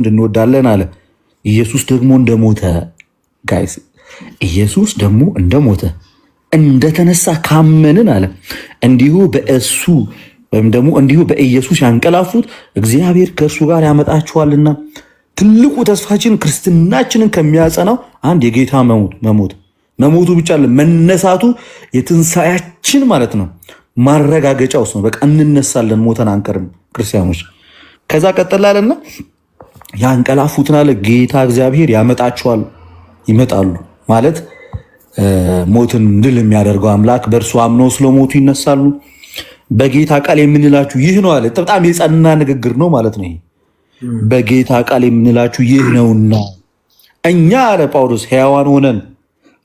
እንድንወዳለን አለ። ኢየሱስ ደግሞ እንደሞተ ጋይስ፣ ኢየሱስ ደግሞ እንደሞተ እንደተነሳ ካመንን አለ እንዲሁ በእሱ ወይም ደግሞ እንዲሁ በኢየሱስ ያንቀላፉት እግዚአብሔር ከእሱ ጋር ያመጣችኋልና። ትልቁ ተስፋችን ክርስትናችንን ከሚያጸናው አንድ የጌታ መሞት መሞቱ ብቻ አለ መነሳቱ የትንሣያችን ማለት ነው ማረጋገጫ ውስጥ ነው። በቃ እንነሳለን፣ ሞተን አንቀርም ክርስቲያኖች። ከዛ ቀጥላለና ያንቀላፉትን አለ ጌታ እግዚአብሔር ያመጣቸዋል። ይመጣሉ ማለት ሞትን ድል የሚያደርገው አምላክ በእርሱ አምነው ስለ ሞቱ ይነሳሉ። በጌታ ቃል የምንላችሁ ይህ ነው አለ። በጣም የጸና ንግግር ነው ማለት ነው። በጌታ ቃል የምንላችሁ ይህ ነውና እኛ አለ ጳውሎስ ሕያዋን ሆነን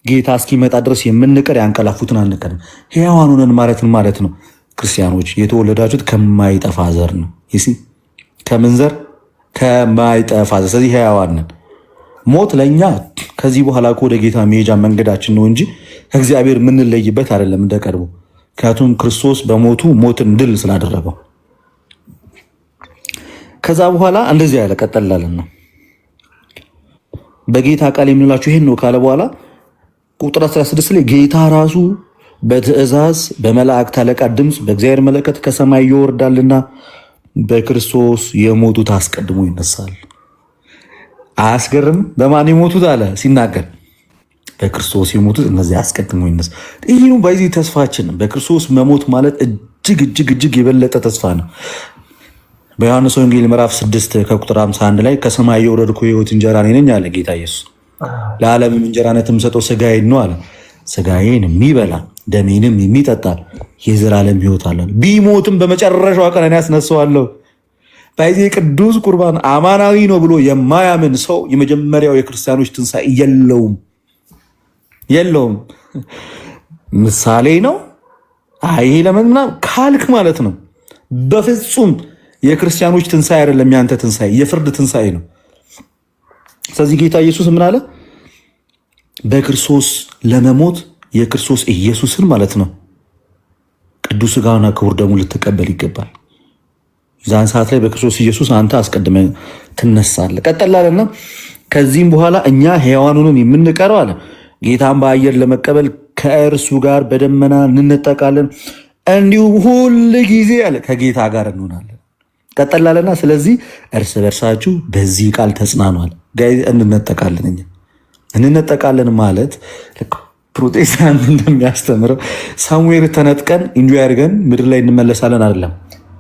ጌታ እስኪመጣ ድረስ የምንቀር ያንቀላፉትን አንቀርም። ሕያዋን ሆነን ማለትን ማለት ነው። ክርስቲያኖች የተወለዳችሁት ከማይጠፋ ዘር ነው። ከምን ዘር? ከማይጠፋ ስለዚህ ሕያዋን ሞት ለእኛ ከዚህ በኋላ እኮ ወደ ጌታ መሄጃ መንገዳችን ነው እንጂ ከእግዚአብሔር የምንለይበት አይደለም እንደቀድሞ። ምክንያቱም ክርስቶስ በሞቱ ሞትን ድል ስላደረገው ከዛ በኋላ እንደዚህ ያለ ቀጠላለን ነው በጌታ ቃል የምንላችሁ ይሄን ነው ካለ በኋላ ቁጥር 16 ላይ ጌታ ራሱ በትእዛዝ በመላእክት አለቃ ድምፅ በእግዚአብሔር መለከት ከሰማይ ይወርዳልና በክርስቶስ የሞቱት አስቀድሞ ይነሳል። አያስገርም? በማን የሞቱት አለ ሲናገር በክርስቶስ የሞቱት እነዚህ አስቀድሞ ይነሳል። ይህ በዚህ ተስፋችን በክርስቶስ መሞት ማለት እጅግ እጅግ እጅግ የበለጠ ተስፋ ነው። በዮሐንስ ወንጌል ምዕራፍ 6 ከቁጥር 51 ላይ ከሰማይ የወረድኩ የህይወት እንጀራ እኔ ነኝ አለ ጌታ ኢየሱስ። ለዓለምም እንጀራነት የምሰጠው ስጋዬን ነው አለ። ስጋዬን የሚበላ ደሜንም የሚጠጣ የዘላለም ህይወት አለን። ቢሞትም በመጨረሻዋ ቀን እኔ ያስነሳዋለሁ። በዚህ ቅዱስ ቁርባን አማናዊ ነው ብሎ የማያምን ሰው የመጀመሪያው የክርስቲያኖች ትንሣኤ የለውም የለውም። ምሳሌ ነው ይሄ ለምን ምናምን ካልክ ማለት ነው። በፍጹም የክርስቲያኖች ትንሣኤ አይደለም ያንተ ትንሣኤ፣ የፍርድ ትንሣኤ ነው። ስለዚህ ጌታ ኢየሱስ ምን አለ? በክርስቶስ ለመሞት የክርስቶስ ኢየሱስን ማለት ነው ቅዱስ ሥጋውና ክቡር ደሙ ልትቀበል ይገባል። ዛን ሰዓት ላይ በክርስቶስ ኢየሱስ አንተ አስቀድመ ትነሳለ። ቀጠላለና ከዚህም በኋላ እኛ ሕያዋኑንም የምንቀረው አለ ጌታን በአየር ለመቀበል ከእርሱ ጋር በደመና እንነጠቃለን፣ እንዲሁም ሁል ጊዜ አለ ከጌታ ጋር እንሆናለን። ቀጠላለና ስለዚህ እርስ በርሳችሁ በዚህ ቃል ተጽናኗል። እንነጠቃለን እኛ እንነጠቃለን ማለት ፕሮቴስታንት እንደሚያስተምረው ሳሙዌር ተነጥቀን እንጆ አድርገን ምድር ላይ እንመለሳለን አይደለም።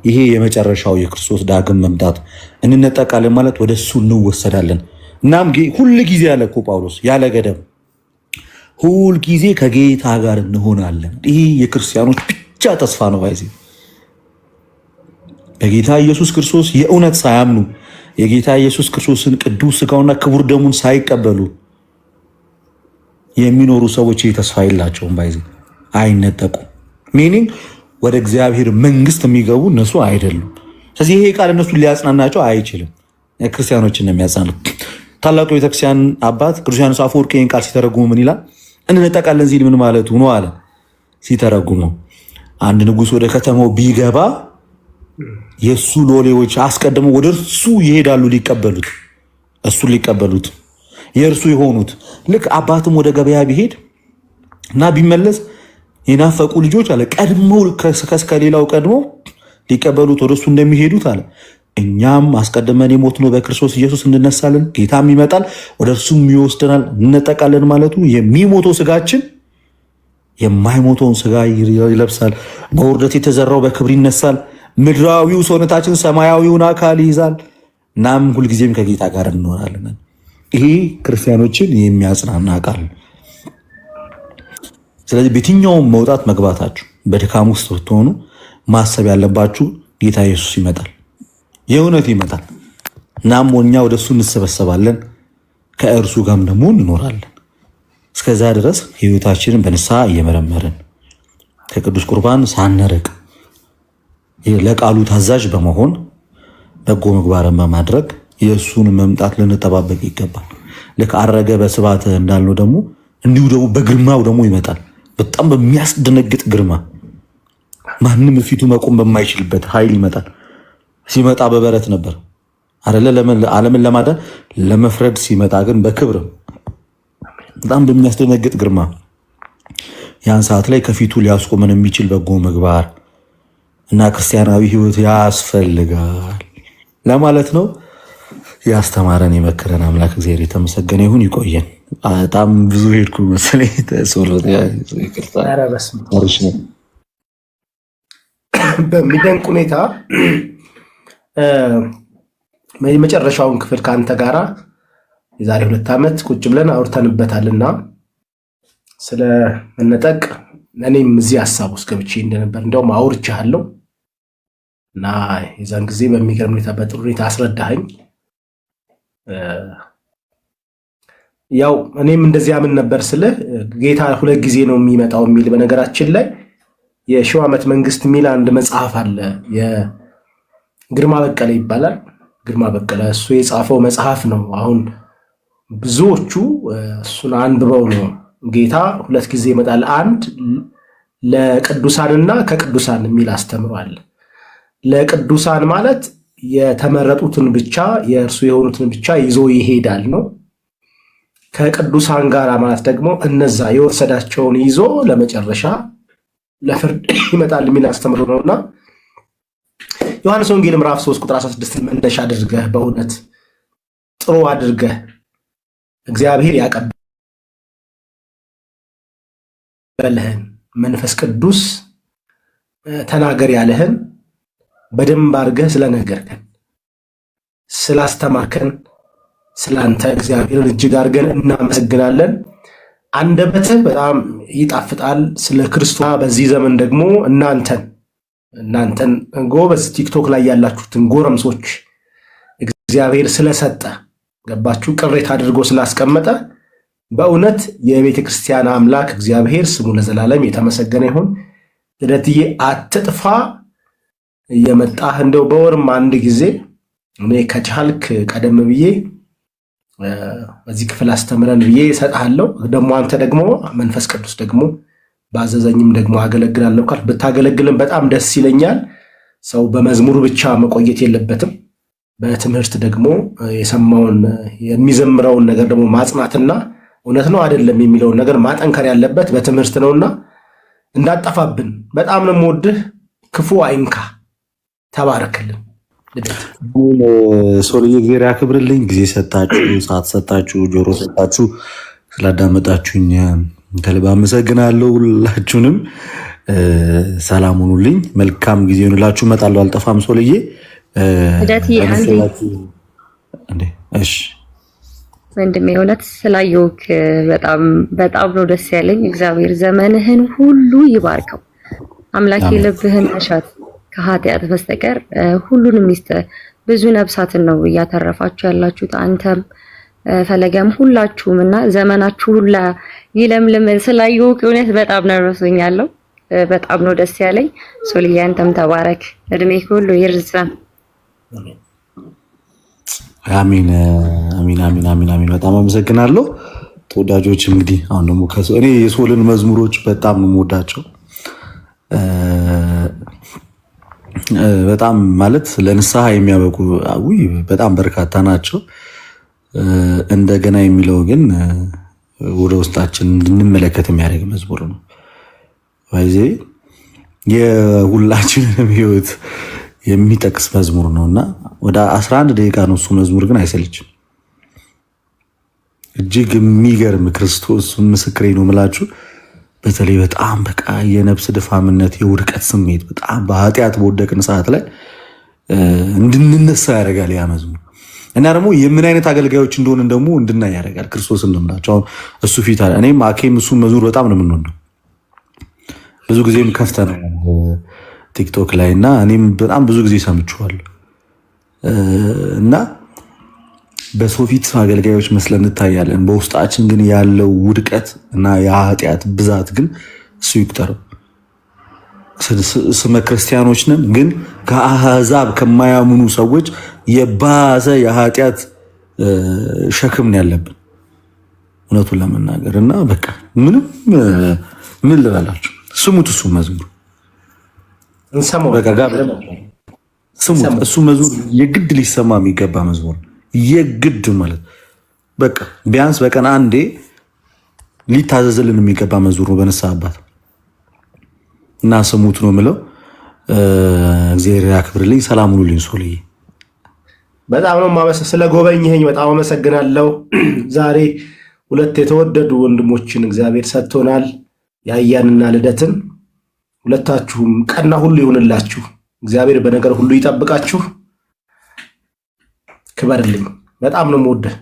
ይሄ የመጨረሻው የክርስቶስ ዳግም መምጣት እንነጠቃለን ማለት ወደ እሱ እንወሰዳለን። እናም ሁል ጊዜ ያለ እኮ ጳውሎስ ያለ ገደብ ሁል ጊዜ ከጌታ ጋር እንሆናለን። ይሄ የክርስቲያኖች ብቻ ተስፋ ነው። ይዜ በጌታ ኢየሱስ ክርስቶስ የእውነት ሳያምኑ የጌታ ኢየሱስ ክርስቶስን ቅዱስ ስጋውና ክቡር ደሙን ሳይቀበሉ የሚኖሩ ሰዎች ይህ ተስፋ የላቸውም። ባይዜ አይነጠቁም። ሚኒንግ ወደ እግዚአብሔር መንግስት የሚገቡ እነሱ አይደሉም። ስለዚህ ይሄ ቃል እነሱ ሊያጽናናቸው አይችልም። ክርስቲያኖችን ነው የሚያጽናናው። ታላቁ ቤተክርስቲያን አባት ቅዱስ ዮሐንስ አፈወርቅ ይህን ቃል ሲተረጉሙ ምን ይላል? እንነጠቃለን ሲል ምን ማለቱ ነው አለ ሲተረጉመው አንድ ንጉስ ወደ ከተማው ቢገባ የእሱ ሎሌዎች አስቀድመው ወደ እርሱ ይሄዳሉ ሊቀበሉት እሱን ሊቀበሉት የእርሱ የሆኑት ልክ አባትም ወደ ገበያ ቢሄድ እና ቢመለስ የናፈቁ ልጆች አለ ቀድሞ ከሌላው ቀድሞ ሊቀበሉት ወደሱ እንደሚሄዱት አለ እኛም አስቀድመን ነው በክርስቶስ ኢየሱስ እንነሳለን፣ ጌታም ይመጣል፣ ወደ እርሱም ይወስደናል፣ እንነጠቃለን ማለቱ የሚሞተው ስጋችን የማይሞተውን ስጋ ይለብሳል። በውርደት የተዘራው በክብር ይነሳል። ምድራዊው ሰውነታችን ሰማያዊውን አካል ይይዛል። እናም ሁልጊዜም ከጌታ ጋር እንኖራለን። ይሄ ክርስቲያኖችን የሚያጽናና ቃል። ስለዚህ በየትኛውም መውጣት መግባታችሁ በድካም ውስጥ ብትሆኑ ማሰብ ያለባችሁ ጌታ ኢየሱስ ይመጣል፣ የእውነት ይመጣል። እናም እኛ ወደ እሱ እንሰበሰባለን፣ ከእርሱ ጋርም ደግሞ እንኖራለን። እስከዛ ድረስ ህይወታችንን በንስሐ እየመረመርን ከቅዱስ ቁርባን ሳንርቅ ለቃሉ ታዛዥ በመሆን በጎ ምግባርን በማድረግ የእሱን መምጣት ልንጠባበቅ ይገባል። ልክ አረገ በስባት እንዳለው ደግሞ እንዲሁ ደግሞ በግርማው ደግሞ ይመጣል። በጣም በሚያስደነግጥ ግርማ ማንም ፊቱ መቆም በማይችልበት ኃይል ይመጣል። ሲመጣ በበረት ነበር አለ ዓለምን ለማዳን ለመፍረድ ሲመጣ ግን በክብር በጣም በሚያስደነግጥ ግርማ ያን ሰዓት ላይ ከፊቱ ሊያስቆመን የሚችል በጎ ምግባር እና ክርስቲያናዊ ሕይወት ያስፈልጋል ለማለት ነው። ያስተማረን የመክረን አምላክ እግዚአብሔር የተመሰገነ ይሁን። ይቆየን። በጣም ብዙ ሄድኩ መሰለኝ። በሚደንቅ ሁኔታ የመጨረሻውን ክፍል ከአንተ ጋራ የዛሬ ሁለት ዓመት ቁጭ ብለን አውርተንበታልና ስለ መነጠቅ እኔም እዚህ ሀሳብ ውስጥ ገብቼ እንደነበር እንደውም አውርቻለሁ እና የዛን ጊዜ በሚገርም ሁኔታ በጥሩ ሁኔታ አስረዳኸኝ። ያው እኔም እንደዚህ አምን ነበር ስልህ ጌታ ሁለት ጊዜ ነው የሚመጣው የሚል በነገራችን ላይ የሺው ዓመት መንግስት የሚል አንድ መጽሐፍ አለ። ግርማ በቀለ ይባላል። ግርማ በቀለ እሱ የጻፈው መጽሐፍ ነው። አሁን ብዙዎቹ እሱን አንብበው ነው ጌታ ሁለት ጊዜ ይመጣል፣ አንድ ለቅዱሳንና ከቅዱሳን የሚል አስተምሯል። ለቅዱሳን ማለት የተመረጡትን ብቻ የእርሱ የሆኑትን ብቻ ይዞ ይሄዳል ነው። ከቅዱሳን ጋር ማለት ደግሞ እነዛ የወሰዳቸውን ይዞ ለመጨረሻ ለፍርድ ይመጣል የሚል አስተምሮ ነውና ዮሐንስ ወንጌል ምዕራፍ 3 ቁጥር 16 መነሻ አድርገህ በእውነት ጥሩ አድርገህ እግዚአብሔር ያቀበለህን መንፈስ ቅዱስ ተናገር ያለህን በደንብ አድርገህ ስለነገርከን፣ ስላስተማርከን ስላንተ እግዚአብሔርን እጅግ አድርገን እናመሰግናለን። አንደበትህ በጣም ይጣፍጣል ስለ ክርስቶስ። በዚህ ዘመን ደግሞ እናንተን እናንተን ጎበዝ ቲክቶክ ላይ ያላችሁትን ጎረምሶች እግዚአብሔር ስለሰጠ ገባችሁ፣ ቅሬታ አድርጎ ስላስቀመጠ በእውነት የቤተ ክርስቲያን አምላክ እግዚአብሔር ስሙ ለዘላለም የተመሰገነ ይሁን። ልደትዬ አትጥፋ። እየመጣህ እንደው በወርም አንድ ጊዜ እኔ ከቻልክ ቀደም ብዬ በዚህ ክፍል አስተምረን ብዬ እሰጥሃለሁ። ደግሞ አንተ ደግሞ መንፈስ ቅዱስ ደግሞ ባዘዘኝም ደግሞ አገለግላለሁ ካል ብታገለግልን በጣም ደስ ይለኛል። ሰው በመዝሙር ብቻ መቆየት የለበትም። በትምህርት ደግሞ የሰማውን የሚዘምረውን ነገር ደግሞ ማጽናትና እውነት ነው አይደለም የሚለውን ነገር ማጠንከር ያለበት በትምህርት ነውና እንዳጠፋብን። በጣም ነው የምወድህ። ክፉ አይንካ። ተባረክልን። ሶልዬ ጊዜር ያክብርልኝ። ጊዜ ሰጣችሁ፣ ሰዓት ሰጣችሁ፣ ጆሮ ሰጣችሁ፣ ስላዳመጣችሁኝ ከልብ አመሰግናለሁ። ሁላችሁንም ሰላም ሁኑልኝ። መልካም ጊዜ ሆንላችሁ። እመጣለሁ፣ አልጠፋም። ሶልዬ ወንድሜ እውነት ስላየሁክ በጣም በጣም ነው ደስ ያለኝ። እግዚአብሔር ዘመንህን ሁሉ ይባርከው። አምላክ ልብህን መሻት ከኃጢአት በስተቀር ሁሉንም ሚስጥር ብዙ ነብሳትን ነው እያተረፋችሁ ያላችሁት። አንተም ፈለገም ሁላችሁም እና ዘመናችሁ ሁላ ይለምልም። ስላየሁ እውነት በጣም ነርሶኛለሁ። በጣም ነው ደስ ያለኝ። ሶልያ አንተም ተባረክ፣ እድሜ ሁሉ ይርዘም። አሚን አሚን አሚን አሚን አሚን። በጣም አመሰግናለሁ ተወዳጆች። እንግዲህ አሁን ደግሞ እኔ የሶልን መዝሙሮች በጣም ነው የምወዳቸው። በጣም ማለት ለንስሐ የሚያበቁ በጣም በርካታ ናቸው። እንደገና የሚለው ግን ወደ ውስጣችን እንድንመለከት የሚያደርግ መዝሙር ነው። ይዜ የሁላችንንም ህይወት የሚጠቅስ መዝሙር ነው እና ወደ 11 ደቂቃ ነው እሱ መዝሙር ግን አይሰልችም። እጅግ የሚገርም ክርስቶስ ምስክሬ ነው የምላችሁ በተለይ በጣም በቃ የነፍስ ድፋምነት የውድቀት ስሜት በጣም በኃጢአት በወደቅን ሰዓት ላይ እንድንነሳ ያደርጋል ያ መዝሙር እና ደግሞ የምን አይነት አገልጋዮች እንደሆን ደግሞ እንድናይ ያደርጋል። ክርስቶስ እንደምናቸው አሁን እሱ ፊት አለ። እኔም አኬም እሱን መዝሙር በጣም ነው የምንወደው። ብዙ ጊዜም ነው ቲክቶክ ላይ እና እኔም በጣም ብዙ ጊዜ ሰምችዋል ። እና በሰው አገልጋዮች መስለን እንታያለን። በውስጣችን ግን ያለው ውድቀት እና የኃጢአት ብዛት ግን እሱ ይቁጠረው። ስመ ክርስቲያኖች ነን፣ ግን ከአህዛብ ከማያምኑ ሰዎች የባሰ የኃጢአት ሸክም ያለብን እውነቱን ለመናገር እና በቃ ምንም ምን ልበላችሁ። ስሙት፣ እሱ መዝሙር ስሙት። እሱ መዝሙር የግድ ሊሰማ የሚገባ መዝሙር ነው። የግድ ማለት በቃ ቢያንስ በቀን አንዴ ሊታዘዝልን የሚገባ መዝሙር ነው በነሳ አባት እና ስሙት ነው የምለው። እግዚአብሔር ያክብርልኝ። ሰላም ሁኑልኝ። ሶልዬ በጣም ነው ስለ ጎበኝህኝ በጣም አመሰግናለሁ። ዛሬ ሁለት የተወደዱ ወንድሞችን እግዚአብሔር ሰጥቶናል፣ ያያንና ልደትን። ሁለታችሁም ቀና ሁሉ ይሁንላችሁ። እግዚአብሔር በነገር ሁሉ ይጠብቃችሁ። ክበርልኝ። በጣም ነው የምወድህ።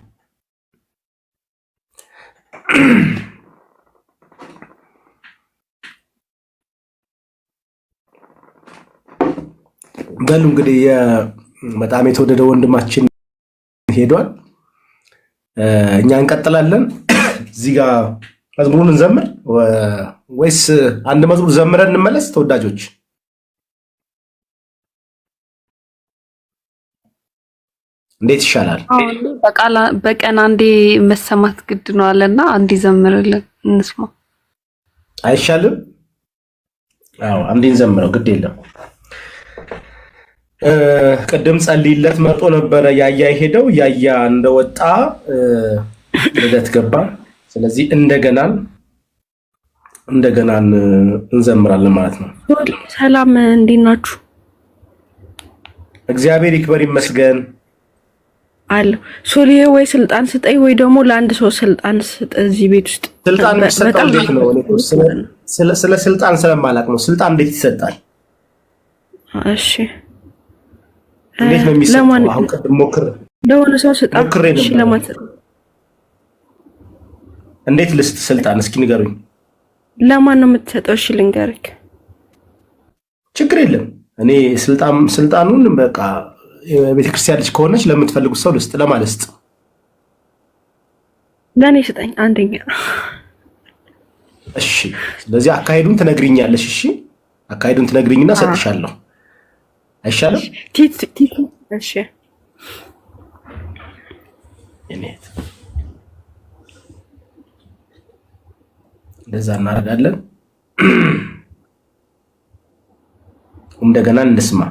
በሉ እንግዲህ በጣም የተወደደ ወንድማችን ሄዷል። እኛ እንቀጥላለን። እዚህ ጋር መዝሙሩን እንዘምር ወይስ አንድ መዝሙር ዘምረን እንመለስ? ተወዳጆች እንዴት ይሻላል? በቀን አንዴ መሰማት ግድ ነው አለና አንድ ይዘምርልን እንስማ። አይሻልም? አዎ አንድ ግድ የለም። ቅድም ጸልይለት መርጦ ነበረ ያያ ሄደው ያያ እንደወጣ ልደት ገባ። ስለዚህ እንደገናን እንደገናን እንዘምራለን ማለት ነው። ሰላም እንዴት ናችሁ? እግዚአብሔር ይክበር ይመስገን። አለው። ሶሊዬ፣ ወይ ስልጣን ስጠኝ ወይ ደግሞ ለአንድ ሰው ስልጣን ስጥ። እዚህ ቤት ውስጥ ስልጣን የሚሰጠው እንዴት ነው? ስለ ስልጣን ስለማላውቅ ነው። ስልጣን እንዴት ይሰጣል? እሺ፣ እንዴት ስልጣን ልስጥ? ስልጣን እስኪ ንገሩኝ። ለማን ነው የምትሰጠው? እሺ፣ ልንገርክ። ችግር የለም እኔ ስልጣኑን በቃ ቤተክርስቲያን ልጅ ከሆነች ለምትፈልጉት ሰው ልስጥ። ለማለስጥ ለእኔ ስጠኝ። አንደኛ እሺ፣ ስለዚህ አካሄዱን ትነግሪኛለሽ። እሺ፣ አካሄዱን ትነግሪኝና ሰጥሻለሁ። አይሻልም? እሺ እንደዛ እናደርጋለን። እንደገና እንስማ።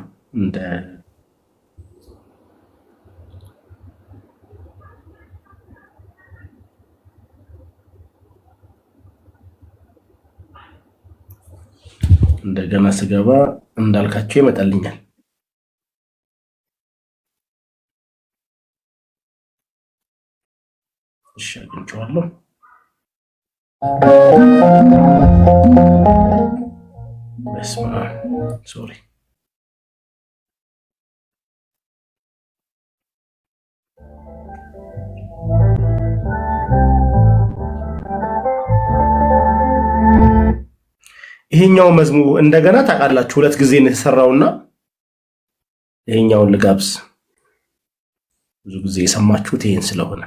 እንደገና ስገባ እንዳልካቸው ይመጣልኛል። እሺ አግኝቼዋለሁ። በስመ አብ ሶሪ ይሄኛው መዝሙር እንደገና ታውቃላችሁ፣ ሁለት ጊዜ ነው የተሰራውና ይሄኛውን ልጋብዝ። ብዙ ጊዜ የሰማችሁት ይሄን ስለሆነ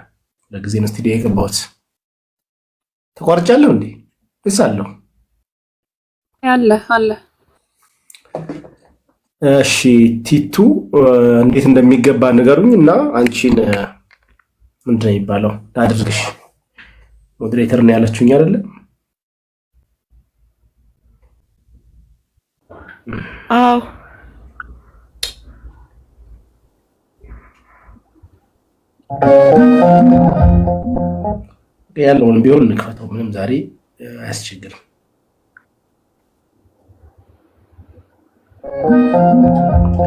ለጊዜ ነው ስቱዲዮ የገባሁት። ተቋርጫለሁ እንዴ? እሳለሁ ያለ አለ። እሺ ቲቱ እንዴት እንደሚገባ ንገሩኝ እና አንቺን ምንድን ነው የሚባለው ላድርግሽ? ሞዴሬተር ነው ያለችሁኝ አይደለም አዎ ያለውን ቢሆን እንክፈተው። ምንም ዛሬ አያስቸግርም።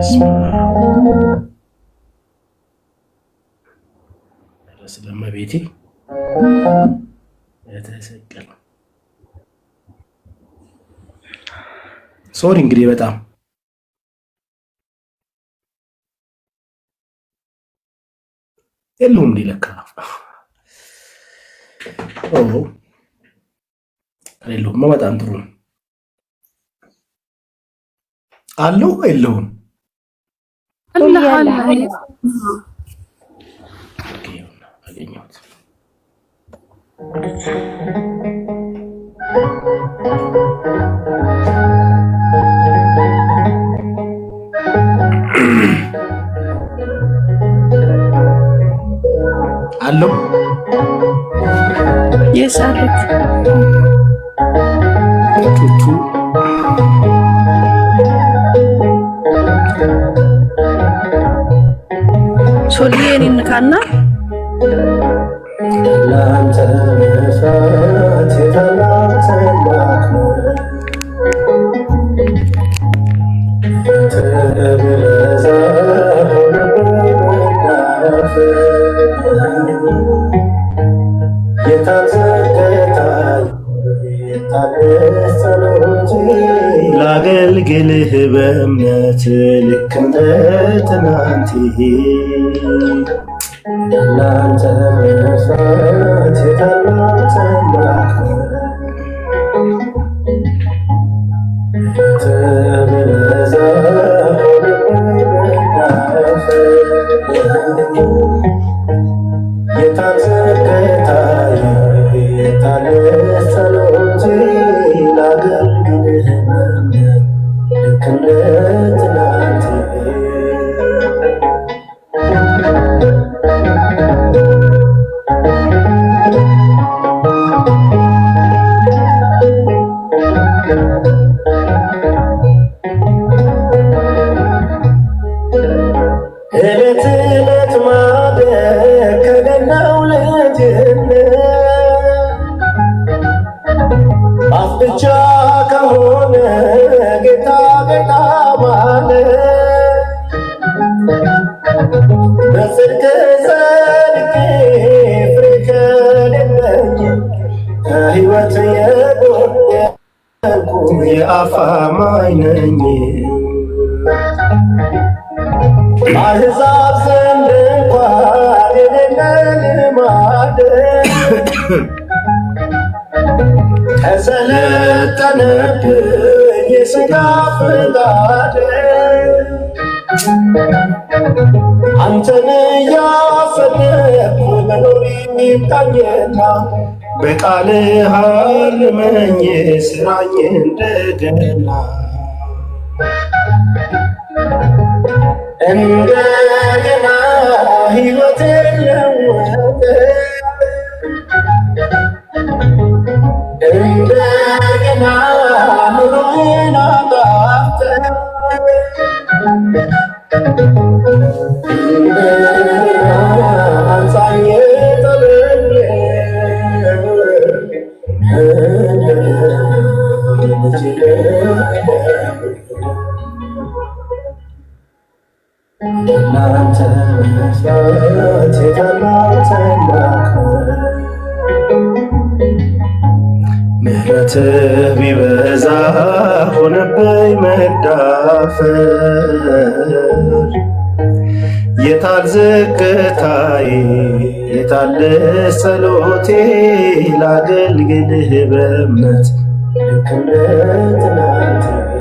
ስማ ሶሪ እንግዲህ በጣም የለውም ሊለካ የለውም። በጣም ጥሩ ነው። አለው የለውም አገኘሁት። ትደርሳለች። ጡቱ ሶልዬ እኔን 嗯。አስደቻ ከሰለጠነብኝ የሥጋ ፍላድ አንተን እያፈለኩ መኖር የሚቃኘና በቃልህ አርመኝ ስራኝ እንደገና እንደገና ሕይወቴን ለወጠ እንደገና ምሮዬን አጣፍተ ምሕረት ቢበዛ ሆነበይ መዳፈር የታል ዝቅታይ የታል ጸሎቴ ላገልግልህ በእምነት ልክነት ናት